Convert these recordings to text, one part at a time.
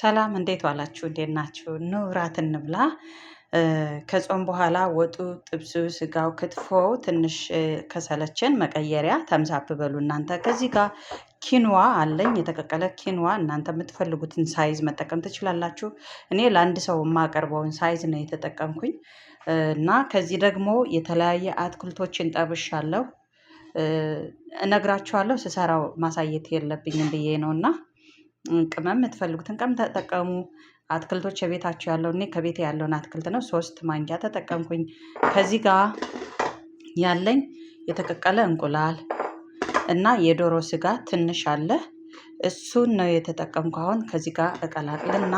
ሰላም እንዴት ዋላችሁ? እንዴት ናችሁ? ኑ እራት እንብላ። ከጾም በኋላ ወጡ፣ ጥብሱ፣ ስጋው፣ ክትፎው ትንሽ ከሰለችን መቀየሪያ ተምሳፕ በሉ እናንተ። ከዚህ ጋር ኪንዋ አለኝ የተቀቀለ ኪንዋ። እናንተ የምትፈልጉትን ሳይዝ መጠቀም ትችላላችሁ። እኔ ለአንድ ሰው የማቀርበውን ሳይዝ ነው የተጠቀምኩኝ እና ከዚህ ደግሞ የተለያየ አትክልቶችን ጠብሻለሁ። እነግራችኋለሁ ስሰራው ማሳየት የለብኝም ብዬ ነው እና ቅመም የምትፈልጉትን ቅመም ተጠቀሙ። አትክልቶች የቤታቸው ያለው እኔ ከቤት ያለውን አትክልት ነው። ሶስት ማንኪያ ተጠቀምኩኝ። ከዚህ ጋር ያለኝ የተቀቀለ እንቁላል እና የዶሮ ስጋ ትንሽ አለ። እሱን ነው የተጠቀምኩ። አሁን ከዚህ ጋር እቀላቅልና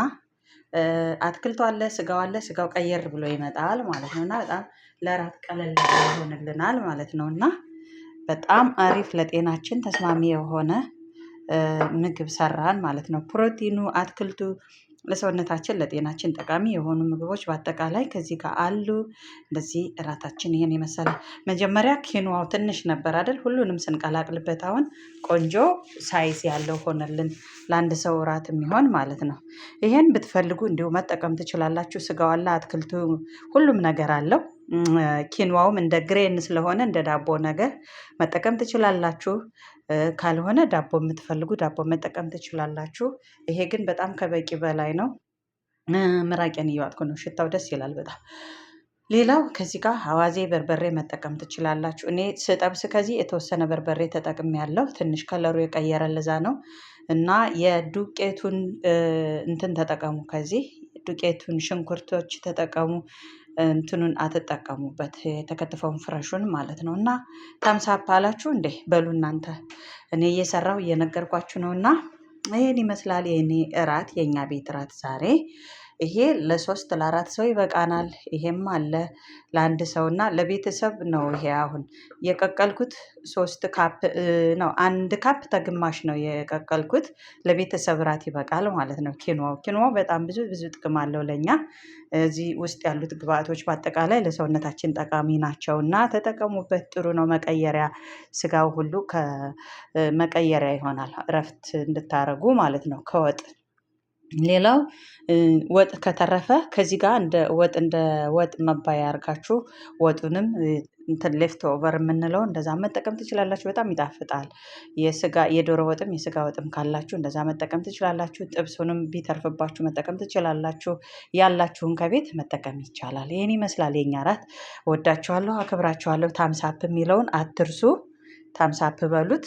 አትክልቱ አለ፣ ስጋው አለ። ስጋው ቀየር ብሎ ይመጣል ማለት ነው እና በጣም ለራት ቀለል ይሆንልናል ማለት ነው እና በጣም አሪፍ ለጤናችን ተስማሚ የሆነ ምግብ ሰራን ማለት ነው። ፕሮቲኑ አትክልቱ ለሰውነታችን ለጤናችን ጠቃሚ የሆኑ ምግቦች በአጠቃላይ ከዚህ ጋር አሉ። እንደዚህ እራታችን ይሄን የመሰለ መጀመሪያ ኪኖዋው ትንሽ ነበር አይደል ሁሉንም ስንቀላቅልበት አሁን ቆንጆ ሳይዝ ያለው ሆነልን ለአንድ ሰው እራት የሚሆን ማለት ነው። ይሄን ብትፈልጉ እንዲሁ መጠቀም ትችላላችሁ ስጋው አለ አትክልቱ ሁሉም ነገር አለው ኪንዋውም እንደ ግሬን ስለሆነ እንደ ዳቦ ነገር መጠቀም ትችላላችሁ። ካልሆነ ዳቦ የምትፈልጉ ዳቦ መጠቀም ትችላላችሁ። ይሄ ግን በጣም ከበቂ በላይ ነው። ምራቄን እየዋጥኩ ነው። ሽታው ደስ ይላል በጣም ሌላው ከዚህ ጋር አዋዜ በርበሬ መጠቀም ትችላላችሁ። እኔ ስጠብስ ከዚህ የተወሰነ በርበሬ ተጠቅም ያለው ትንሽ ከለሩ የቀየረ ለዛ ነው እና የዱቄቱን እንትን ተጠቀሙ። ከዚህ ዱቄቱን ሽንኩርቶች ተጠቀሙ። እንትኑን አትጠቀሙበት የተከተፈውን ፍረሹን ማለት ነው። እና ተምሳፕ አላችሁ እንዴ? በሉ እናንተ እኔ እየሰራው እየነገርኳችሁ ነው። እና ይህን ይመስላል የእኔ እራት የእኛ ቤት እራት ዛሬ ይሄ ለሶስት ለአራት ሰው ይበቃናል። ይሄም አለ ለአንድ ሰው እና ለቤተሰብ ነው። ይሄ አሁን የቀቀልኩት ሶስት ካፕ ነው። አንድ ካፕ ተግማሽ ነው የቀቀልኩት። ለቤተሰብ ራት ይበቃል ማለት ነው። ኪኖ ኪኖ በጣም ብዙ ብዙ ጥቅም አለው ለእኛ። እዚህ ውስጥ ያሉት ግብአቶች በአጠቃላይ ለሰውነታችን ጠቃሚ ናቸው እና ተጠቀሙበት። ጥሩ ነው መቀየሪያ ስጋው ሁሉ ከመቀየሪያ ይሆናል እረፍት እንድታረጉ ማለት ነው። ከወጥ ሌላው ወጥ ከተረፈ ከዚህ ጋር እንደ ወጥ እንደ ወጥ መባያ አድርጋችሁ ወጡንም ሌፍት ኦቨር የምንለው እንደዛ መጠቀም ትችላላችሁ። በጣም ይጣፍጣል። የስጋ የዶሮ ወጥም የስጋ ወጥም ካላችሁ እንደዛ መጠቀም ትችላላችሁ። ጥብሱንም ቢተርፍባችሁ መጠቀም ትችላላችሁ። ያላችሁን ከቤት መጠቀም ይቻላል። ይህን ይመስላል የኛ እራት። ወዳችኋለሁ፣ አክብራችኋለሁ። ታምሳፕ የሚለውን አትርሱ። ታምሳፕ በሉት።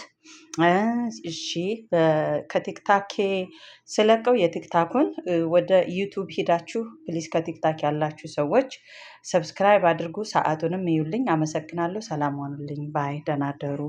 እሺ ከቲክታኬ ስለቀው የቲክታኩን ወደ ዩቱብ ሂዳችሁ ፕሊዝ ከቲክታክ ያላችሁ ሰዎች ሰብስክራይብ አድርጉ። ሰዓቱንም ይዩልኝ አመሰግናለሁ። ሰላም ሆኑልኝ። ባይ ደናደሩ